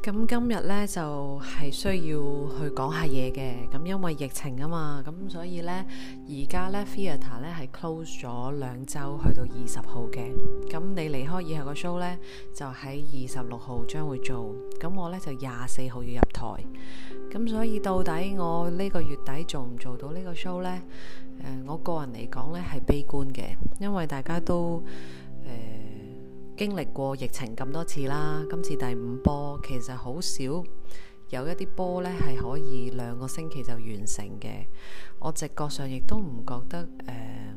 咁今日呢，就係、是、需要去講下嘢嘅，咁因為疫情啊嘛，咁所以呢，而家呢 Theater 呢係 close 咗兩周，去到二十號嘅。咁你離開以後個 show 呢就喺二十六號將會做。咁我呢，就廿四號要入台。咁所以到底我呢個月底做唔做到呢個 show 呢？呃、我個人嚟講呢係悲觀嘅，因為大家都、呃經歷過疫情咁多次啦，今次第五波其實好少有一啲波咧係可以兩個星期就完成嘅。我直覺上亦都唔覺得誒、呃、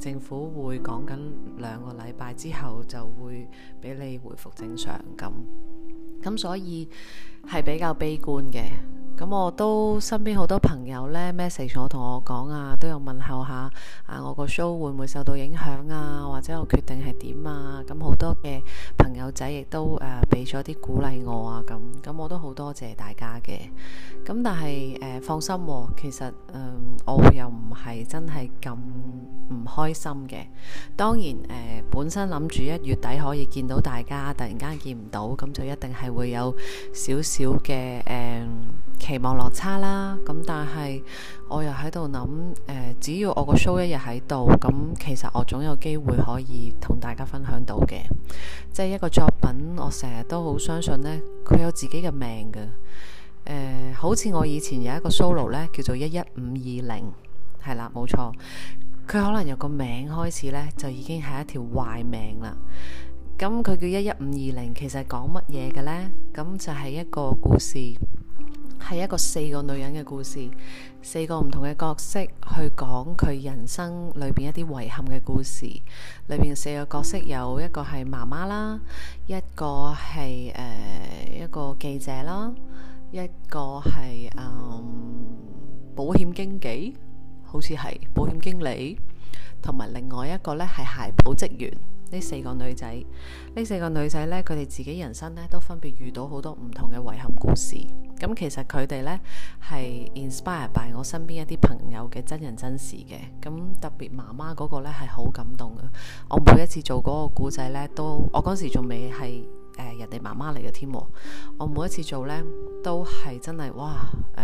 政府會講緊兩個禮拜之後就會俾你回復正常咁，咁所以係比較悲觀嘅。咁我都身邊好多朋友呢 m e s s a g e 我同我講啊，都有問候下啊。我個 show 會唔會受到影響啊？或者我決定係點啊？咁好多嘅朋友仔亦都誒俾咗啲鼓勵我啊。咁咁我都好多謝大家嘅。咁但係誒、呃，放心、啊，其實嗯、呃，我又唔係真係咁唔開心嘅。當然誒、呃，本身諗住一月底可以見到大家，突然間見唔到，咁就一定係會有少少嘅誒。呃期望落差啦，咁但係我又喺度諗，誒、呃，只要我個 show 一日喺度，咁其實我總有機會可以同大家分享到嘅。即係一個作品，我成日都好相信呢，佢有自己嘅命嘅。誒、呃，好似我以前有一個 solo 呢，叫做一一五二零，係啦，冇錯。佢可能由個名開始呢，就已經係一條壞命啦。咁佢叫一一五二零，其實講乜嘢嘅呢？咁就係一個故事。係一個四個女人嘅故事，四個唔同嘅角色去講佢人生裏邊一啲遺憾嘅故事。裏邊嘅四個角色有一個係媽媽啦，一個係誒、呃、一個記者啦，一個係誒、嗯、保險經紀，好似係保險經理，同埋另外一個咧係鞋保職員。呢四個女仔，呢四個女仔呢，佢哋自己人生呢，都分別遇到好多唔同嘅遺憾故事。咁、嗯、其實佢哋呢，係 inspired by 我身邊一啲朋友嘅真人真事嘅。咁、嗯、特別媽媽嗰個呢，係好感動啊！我每一次做嗰個故仔呢，都我嗰時仲未係。人哋媽媽嚟嘅添，我每一次做呢都係真係哇，誒，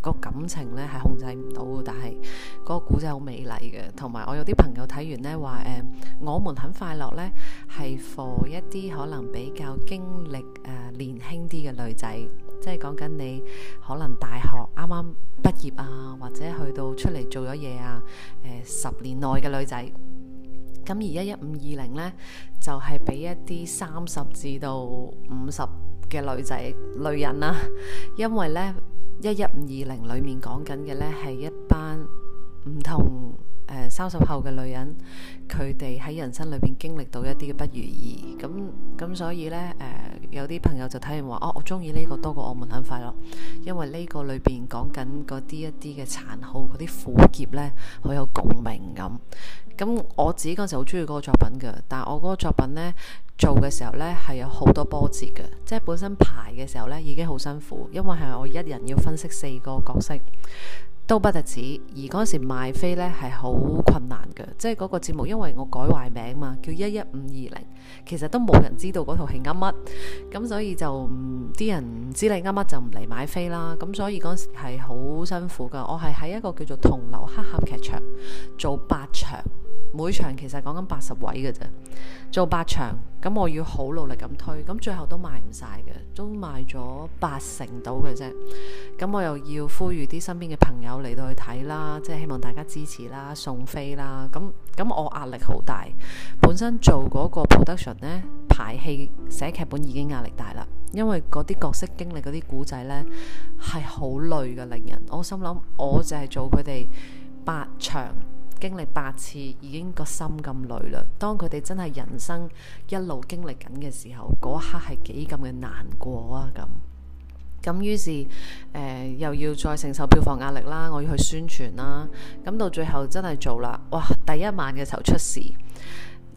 個感情呢係控制唔到，但係嗰個故仔好美麗嘅。同埋我有啲朋友睇完呢話，誒，我們很快樂呢係 for 一啲可能比較經歷誒年輕啲嘅女仔，即係講緊你可能大學啱啱畢業啊，或者去到出嚟做咗嘢啊，誒十年內嘅女仔。咁而一一五二零呢，就係俾一啲三十至到五十嘅女仔、女人啦，啊，因為呢，一一五二零裡面講緊嘅呢係一班唔同。誒、呃、三十後嘅女人，佢哋喺人生裏邊經歷到一啲嘅不如意，咁咁所以呢，誒、呃、有啲朋友就睇完話，哦，我中意呢個多過我們很快樂，因為呢個裏邊講緊嗰啲一啲嘅殘酷，嗰啲苦澀呢，好有共鳴咁。咁我自己嗰時好中意嗰個作品㗎，但我嗰個作品呢，做嘅時候呢，係有好多波折嘅，即係本身排嘅時候呢，已經好辛苦，因為係我一人要分析四個角色。都不特止，而嗰陣時買飛呢係好困難嘅，即係嗰個節目，因為我改壞名嘛，叫一一五二零，其實都冇人知道嗰套係啱乜，咁所以就唔，啲、呃、人唔知你啱乜就唔嚟買飛啦，咁所以嗰陣時係好辛苦噶，我係喺一個叫做同流黑盒劇場做八場。每場其實講緊八十位嘅啫，做八場咁，我要好努力咁推，咁最後都賣唔晒嘅，都賣咗八成到嘅啫。咁我又要呼籲啲身邊嘅朋友嚟到去睇啦，即係希望大家支持啦、送飛啦。咁咁我壓力好大，本身做嗰個 production 呢排戲寫劇本已經壓力大啦，因為嗰啲角色經歷嗰啲古仔呢係好累嘅令人。我心諗我就係做佢哋八場。經歷八次已經個心咁累啦，當佢哋真係人生一路經歷緊嘅時候，嗰刻係幾咁嘅難過啊！咁咁於是誒、呃、又要再承受票房壓力啦，我要去宣傳啦，咁到最後真係做啦，哇！第一晚嘅時候出事。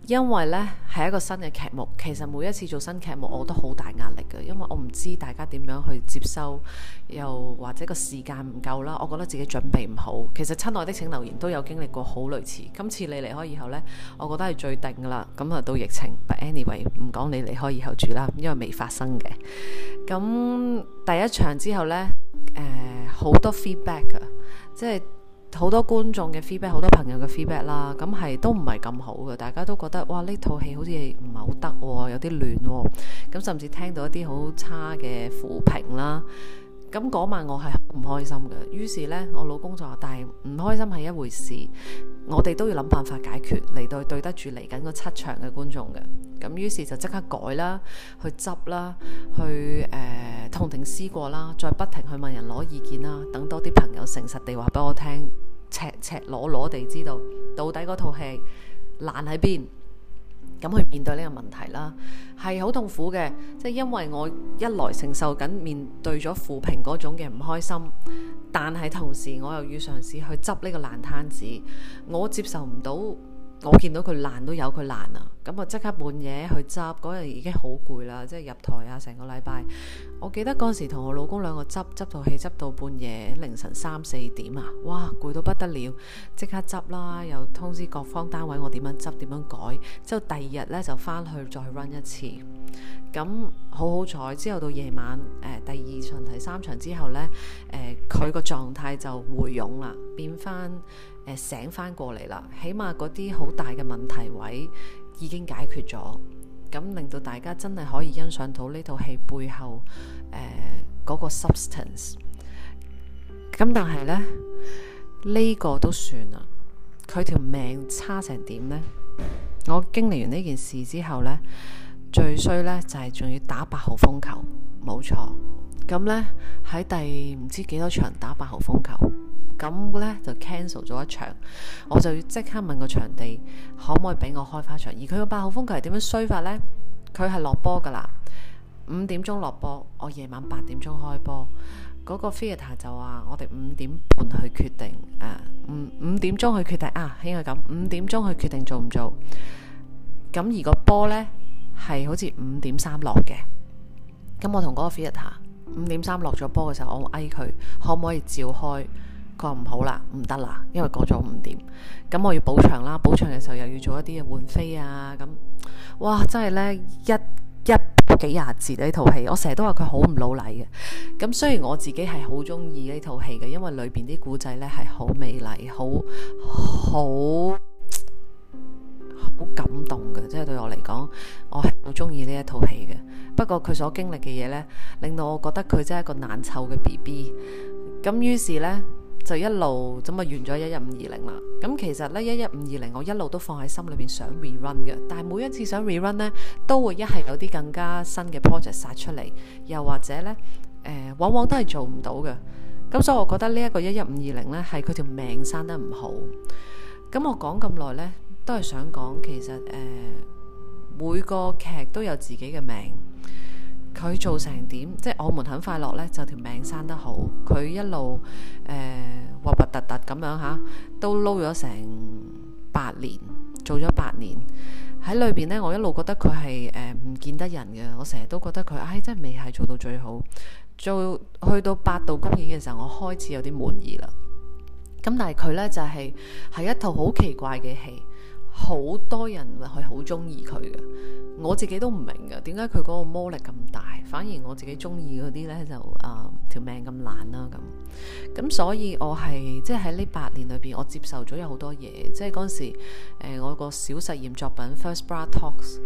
因為呢係一個新嘅劇目，其實每一次做新劇目我都好大壓力嘅，因為我唔知大家點樣去接收，又或者個時間唔夠啦，我覺得自己準備唔好。其實《親愛的請留言》都有經歷過好類似。今次你離開以後呢，我覺得係最定㗎啦。咁啊到疫情，but anyway 唔講你離開以後住啦，因為未發生嘅。咁第一場之後呢，誒、呃、好多 feedback 㗎，即係。好多觀眾嘅 feedback，好多朋友嘅 feedback 啦，咁係都唔係咁好嘅，大家都覺得哇呢套戲好似唔係好得喎，有啲亂喎，咁甚至聽到一啲好差嘅負評啦。咁嗰晚我係唔開心嘅，於是呢，我老公就話，但係唔開心係一回事，我哋都要諗辦法解決嚟到對，對得住嚟緊嗰七場嘅觀眾嘅。咁於是就即刻改啦，去執啦，去誒痛定思過啦，再不停去問人攞意見啦，等多啲朋友誠實地話俾我聽，赤赤裸裸地知道到底嗰套戲爛喺邊。咁去面對呢個問題啦，係好痛苦嘅，即係因為我一來承受緊面對咗負評嗰種嘅唔開心，但係同時我又要嘗試去執呢個爛攤子，我接受唔到。我見到佢爛都有佢爛啊！咁啊即刻半夜去執，嗰日已經好攰啦，即係入台啊成個禮拜。我記得嗰陣時同我老公兩個執，執到氣，執到半夜凌晨三四點啊！哇，攰到不得了，即刻執啦，又通知各方單位我點樣執，點樣改。之後第二日呢，就翻去再 run 一次。咁好好彩，之後到夜晚誒、呃、第二場第三場之後呢，誒佢個狀態就回勇啦，變翻。醒翻過嚟啦，起碼嗰啲好大嘅問題位已經解決咗，咁令到大家真係可以欣賞到呢套戲背後嗰、呃嗰個 substance。咁但係呢，呢、呢個都算啦，佢條命差成點呢？我經歷完呢件事之後呢，最衰呢就係仲要打八號風球，冇錯。咁呢，喺第唔知幾多場打八號風球。咁呢，就 cancel 咗一場，我就要即刻問個場地可唔可以俾我開返場。而佢個八號風球係點樣衰法呢？佢係落波㗎喇，五點鐘落波，我夜晚八點鐘開波。嗰、嗰個 Fita 就話：我哋五點半去決定，誒、呃、五五點鐘去決定啊，應該咁五點鐘去決定做唔做？咁而嗰個波呢，係好似五點三落嘅。咁我同嗰個 Fita 五點三落咗波嘅時候，我嗌佢可唔可以照開？佢話唔好啦，唔得啦，因為過咗五點，咁我要補場啦。補場嘅時候又要做一啲嘅換飛啊，咁哇真係呢，一一幾廿字呢套戲，我成日都話佢好唔老禮嘅。咁雖然我自己係好中意呢套戲嘅，因為裏邊啲故仔呢係好美麗，好好好感動嘅，即係對我嚟講，我係好中意呢一套戲嘅。不過佢所經歷嘅嘢呢，令到我覺得佢真係一個難湊嘅 BB。咁於是呢。就一路咁啊，完咗一一五二零啦。咁其實呢，一一五二零，我一路都放喺心裏邊想 rerun 嘅，但係每一次想 rerun 呢，都會一係有啲更加新嘅 project 殺出嚟，又或者呢，呃、往往都係做唔到嘅。咁所以我覺得呢一個一一五二零呢，係佢條命生得唔好。咁我講咁耐呢，都係想講其實誒、呃、每個劇都有自己嘅命。佢做成點？即係我們很快樂呢就條命生得好。佢一路誒核核突突咁樣嚇，都撈咗成八年，做咗八年喺裏邊呢，我一路覺得佢係誒唔見得人嘅，我成日都覺得佢，唉、哎，真係未係做到最好。做去到八度公演嘅時候，我開始有啲滿意啦。咁但係佢呢就係、係、係一套好奇怪嘅戲。好多人係好中意佢嘅，我自己都唔明嘅，點解佢嗰個魔力咁大？反而我自己中意嗰啲呢，就、呃、啊條命咁爛啦咁。咁所以我係即係喺呢八年裏邊，我接受咗有好多嘢。即係嗰陣時，呃、我個小實驗作品 First Bread Talks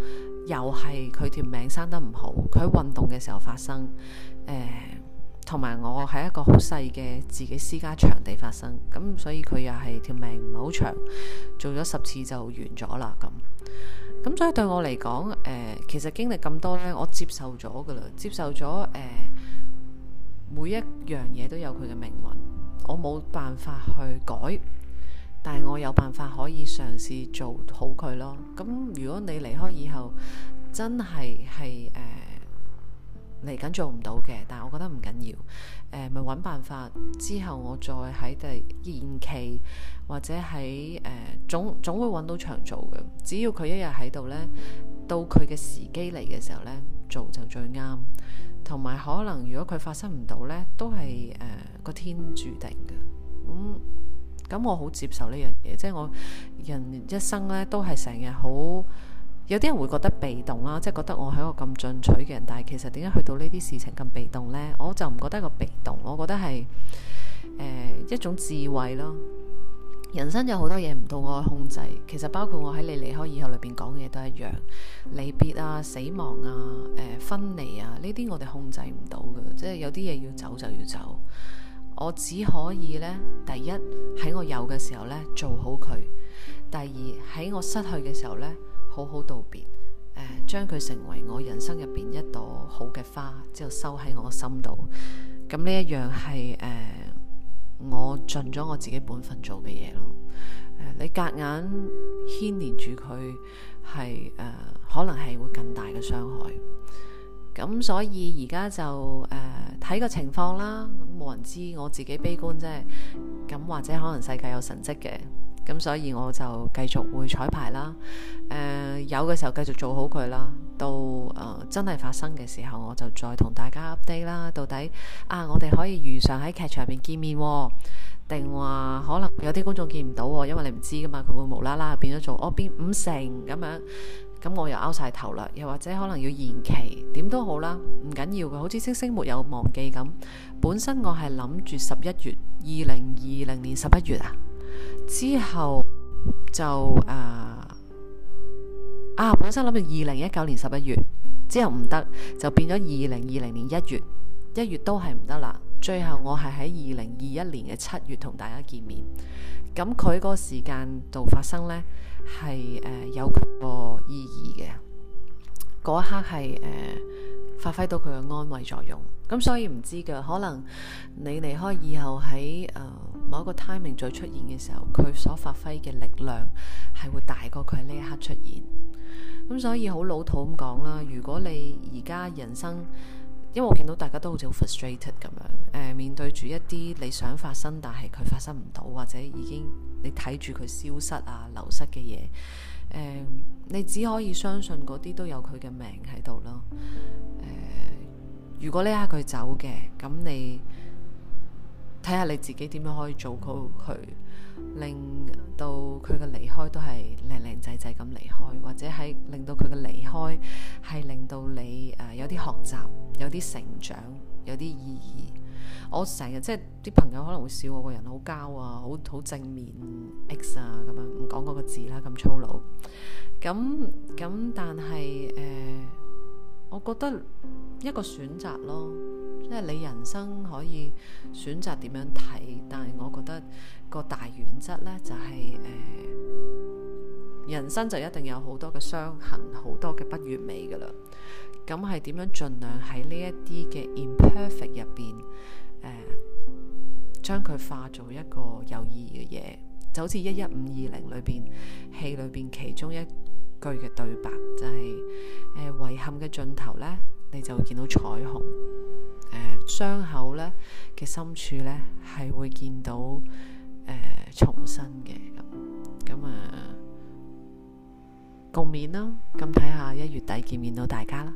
又係佢條命生得唔好，佢喺運動嘅時候發生、呃同埋我係一個好細嘅自己私家場地發生，咁所以佢又係條命唔係好長，做咗十次就完咗啦咁。咁所以對我嚟講，誒、呃,其實經歷咁多呢，我接受咗噶啦，接受咗誒、呃，每一樣嘢都有佢嘅命運，我冇辦法去改，但係我有辦法可以嘗試做好佢咯。咁如果你離開以後，真係係誒。嚟緊做唔到嘅，但係我覺得唔緊要，誒、呃，咪揾辦法。之後我再喺第延期，或者喺誒、呃、總總會揾到場做嘅。只要佢一日喺度呢，到佢嘅時機嚟嘅時候呢，做就最啱。同埋可能如果佢發生唔到呢，都係誒個天注定嘅。咁、嗯、咁我好接受呢樣嘢，即、就、係、是、我人一生呢，都係成日好。有啲人會覺得被動啦，即係覺得我係一個咁進取嘅人，但係其實點解去到呢啲事情咁被動呢？我就唔覺得一個被動，我覺得係、呃、一種智慧咯。人生有好多嘢唔到我控制，其實包括我喺你離開以後，裏邊講嘅嘢都一樣。離別啊、死亡啊、誒、呃、分離啊，呢啲我哋控制唔到嘅，即係有啲嘢要走就要走。我只可以呢：第一喺我有嘅時候呢，做好佢；第二喺我失去嘅時候呢，好好道別，誒、呃，將佢成為我人生入邊一朵好嘅花，之後收喺我心度。咁、嗯、呢一樣係誒、呃，我盡咗我自己本分做嘅嘢咯。你夾硬牽連住佢係誒，可能係會更大嘅傷害。咁、嗯、所以而家就誒、睇、呃、個情況啦。咁、嗯、冇人知，我自己悲觀啫。咁、嗯、或者可能世界有神跡嘅。咁所以我就繼續會彩排啦。誒、呃、有嘅時候繼續做好佢啦。到誒、呃、真係發生嘅時候，我就再同大家 update 啦。到底啊，我哋可以如常喺劇場入面見面，定話可能有啲觀眾見唔到，因為你唔知㗎嘛，佢會無啦啦變咗做哦，變五成咁樣。咁、嗯、我又拗晒頭啦，又或者可能要延期，點都好啦，唔緊要嘅。好似星星沒有忘記咁，本身我係諗住十一月二零二零年十一月啊。之後就誒啊，啊，本身諗住二零一九年十一月，之後唔得，就變咗二零二零年一月，一月都係唔得啦。最後我係喺二零二一年嘅七月同大家見面，咁佢個時間度發生呢，係誒、呃、有佢個意義嘅，嗰一刻係誒。呃發揮到佢嘅安慰作用，咁所以唔知㗎，可能你離開以後喺誒、呃、某一個 timing 再出現嘅時候，佢所發揮嘅力量係會大過佢呢一刻出現。咁所以好老土咁講啦，如果你而家人生，因為我見到大家都好似好 frustrated 咁樣，誒、呃、面對住一啲你想發生但係佢發生唔到，或者已經你睇住佢消失啊流失嘅嘢。誒、嗯，你只可以相信嗰啲都有佢嘅命喺度咯。誒、呃，如果呢刻佢走嘅，咁你睇下你自己點樣可以做到佢，令到佢嘅離開都係靚靚仔仔咁離開，或者係令到佢嘅離開係令到你誒有啲學習、有啲成長、有啲意義。我成日即係啲朋友可能會笑我個人好膠啊，好好正面 X 啊，咁樣唔講嗰個字啦，咁粗魯咁咁。但係誒、呃，我覺得一個選擇咯，即係你人生可以選擇點樣睇，但係我覺得個大原則呢，就係、是、誒、呃，人生就一定有好多嘅傷痕，好多嘅不完美噶啦。咁係點樣盡量喺呢一啲嘅 imperfect 入邊。誒，uh, 將佢化做一個有意義嘅嘢，就好似《一一五二零》裏邊戲裏邊其中一句嘅對白，就係、是、誒、呃、遺憾嘅盡頭呢，你就會見到彩虹。誒、呃，傷口呢，嘅深處呢，係會見到、呃、重生嘅咁咁啊，共勉啦，咁睇下一月底見面到大家啦。